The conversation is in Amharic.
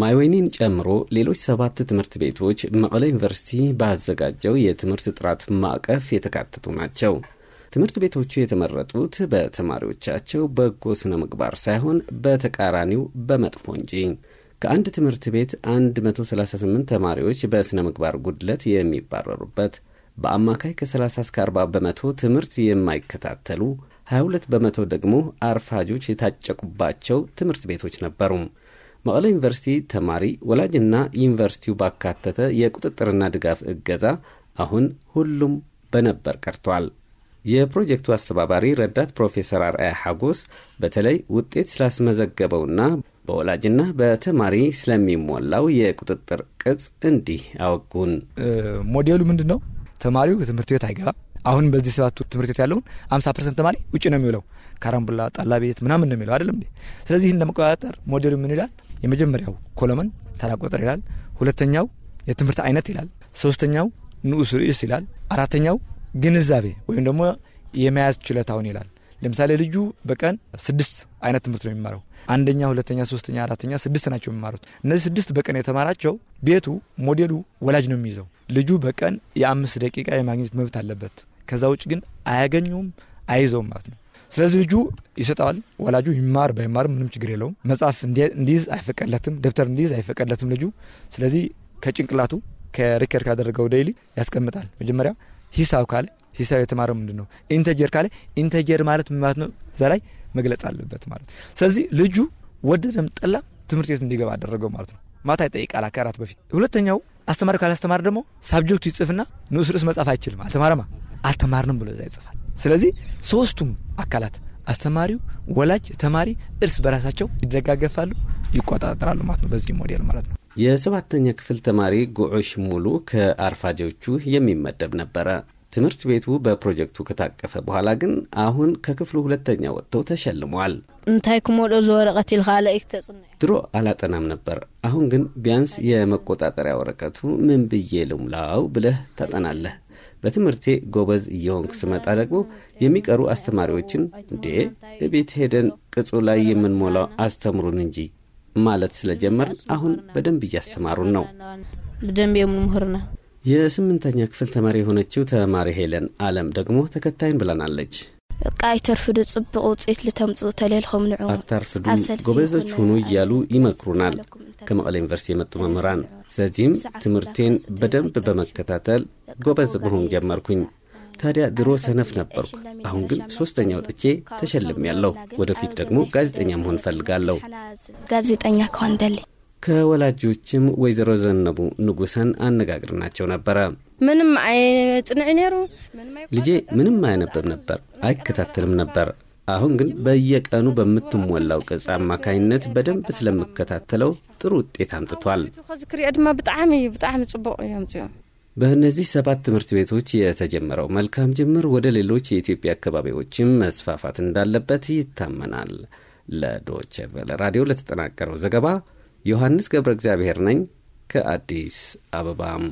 ማይወይኒን ጨምሮ ሌሎች ሰባት ትምህርት ቤቶች መቀለ ዩኒቨርሲቲ ባዘጋጀው የትምህርት ጥራት ማዕቀፍ የተካተቱ ናቸው። ትምህርት ቤቶቹ የተመረጡት በተማሪዎቻቸው በጎ ስነ ምግባር ሳይሆን በተቃራኒው በመጥፎ እንጂ። ከአንድ ትምህርት ቤት 138 ተማሪዎች በስነ ምግባር ጉድለት የሚባረሩበት፣ በአማካይ ከ30 እስከ 40 በመቶ ትምህርት የማይከታተሉ፣ 22 በመቶ ደግሞ አርፋጆች የታጨቁባቸው ትምህርት ቤቶች ነበሩ። መቀለ ዩኒቨርሲቲ ተማሪ ወላጅና ዩኒቨርሲቲው ባካተተ የቁጥጥርና ድጋፍ እገዛ አሁን ሁሉም በነበር ቀርቷል። የፕሮጀክቱ አስተባባሪ ረዳት ፕሮፌሰር አርአያ ሓጎስ በተለይ ውጤት ስላስመዘገበውና በወላጅና በተማሪ ስለሚሞላው የቁጥጥር ቅጽ እንዲህ አወጉን። ሞዴሉ ምንድን ነው? ተማሪው ትምህርት ቤት አይገባም። አሁን በዚህ ሰባቱ ትምህርት ቤት ያለውን አምሳ ፐርሰንት ተማሪ ውጭ ነው የሚውለው። ካራምቡላ፣ ጣላ ቤት ምናምን ነው የሚለው አይደለም። ስለዚህ ለመቆጣጠር ሞዴሉ ምን ይላል? የመጀመሪያው ኮሎመን ተራ ቁጥር ይላል። ሁለተኛው የትምህርት አይነት ይላል። ሶስተኛው ንዑስ ርዕስ ይላል። አራተኛው ግንዛቤ ወይም ደግሞ የመያዝ ችሎታውን ይላል። ለምሳሌ ልጁ በቀን ስድስት አይነት ትምህርት ነው የሚማረው። አንደኛ፣ ሁለተኛ፣ ሶስተኛ፣ አራተኛ ስድስት ናቸው የሚማሩት። እነዚህ ስድስት በቀን የተማራቸው ቤቱ ሞዴሉ ወላጅ ነው የሚይዘው። ልጁ በቀን የአምስት ደቂቃ የማግኘት መብት አለበት። ከዛ ውጭ ግን አያገኘውም አይይዘውም ማለት ነው። ስለዚህ ልጁ ይሰጠዋል። ወላጁ ይማር ባይማርም ምንም ችግር የለውም። መጽሐፍ እንዲይዝ አይፈቀድለትም፣ ደብተር እንዲይዝ አይፈቀድለትም ልጁ። ስለዚህ ከጭንቅላቱ ከሪከር ካደረገው ዴይሊ ያስቀምጣል። መጀመሪያ ሂሳብ ካለ ሂሳብ የተማረው ምንድን ነው? ኢንተጀር ካለ ኢንተጀር ማለት ምን ማለት ነው? እዛ ላይ መግለጽ አለበት ማለት። ስለዚህ ልጁ ወደደም ጠላም ትምህርት ቤት እንዲገባ አደረገው ማለት ነው። ማታ ይጠይቃል ከራት በፊት። ሁለተኛው አስተማሪ ካላስተማር ደግሞ ሳብጀክቱ ይጽፍና ንዑስ ርዕስ መጻፍ አይችልም። አልተማረማ አልተማርንም ብሎ እዛ ይጽፋል። ስለዚህ ሶስቱም አካላት አስተማሪው፣ ወላጅ፣ ተማሪ እርስ በራሳቸው ይደጋገፋሉ፣ ይቆጣጠራሉ ማለት ነው። በዚህ ሞዴል ማለት ነው። የሰባተኛ ክፍል ተማሪ ጉዑሽ ሙሉ ከአርፋጆቹ የሚመደብ ነበረ። ትምህርት ቤቱ በፕሮጀክቱ ከታቀፈ በኋላ ግን አሁን ከክፍሉ ሁለተኛ ወጥተው ተሸልመዋል። እንታይ ክመልኦ ዝወረቀት ድሮ አላጠናም ነበር። አሁን ግን ቢያንስ የመቆጣጠሪያ ወረቀቱ ምን ብዬ ልሙላው ብለህ ታጠናለህ። በትምህርቴ ጎበዝ እየሆንክ ስመጣ ደግሞ የሚቀሩ አስተማሪዎችን እንዴ እቤት ሄደን ቅጹ ላይ የምንሞላው አስተምሩን እንጂ ማለት ስለጀመር አሁን በደንብ እያስተማሩን ነው። በደንብ የምምህር ነው። የስምንተኛ ክፍል ተማሪ የሆነችው ተማሪ ሄለን አለም ደግሞ ተከታይን ብለናለች። በቃ አይተርፍዱ ጽቡቅ ውፅኢት ልተምፁ ተሌልኹም ንዑ አታርፍዱ ጎበዞች ሁኑ እያሉ ይመክሩናል ከመቀለ ዩኒቨርሲቲ የመጡ መምህራን። ስለዚህም ትምህርቴን በደንብ በመከታተል ጎበዝ መሆን ጀመርኩኝ። ታዲያ ድሮ ሰነፍ ነበርኩ። አሁን ግን ሶስተኛ ወጥቼ ተሸልም ያለው። ወደፊት ደግሞ ጋዜጠኛ መሆን እፈልጋለሁ። ጋዜጠኛ ከዋንደሌ ከወላጆችም ወይዘሮ ዘነቡ ንጉሰን አነጋግርናቸው ነበረ። ምንም ጭንዕ ነሩ ልጄ ምንም አያነብብ ነበር፣ አይከታተልም ነበር። አሁን ግን በየቀኑ በምትሞላው ቅጽ አማካኝነት በደንብ ስለምከታተለው ጥሩ ውጤት አምጥቷል። ብጣዕሚ ብጣዕሚ ጽቡቅ እዮም በእነዚህ ሰባት ትምህርት ቤቶች የተጀመረው መልካም ጅምር ወደ ሌሎች የኢትዮጵያ አካባቢዎችም መስፋፋት እንዳለበት ይታመናል። ለዶቼ ራዲዮ ለተጠናቀረው ዘገባ ዮሐንስ ገብረ እግዚአብሔር ነኝ ከአዲስ አበባም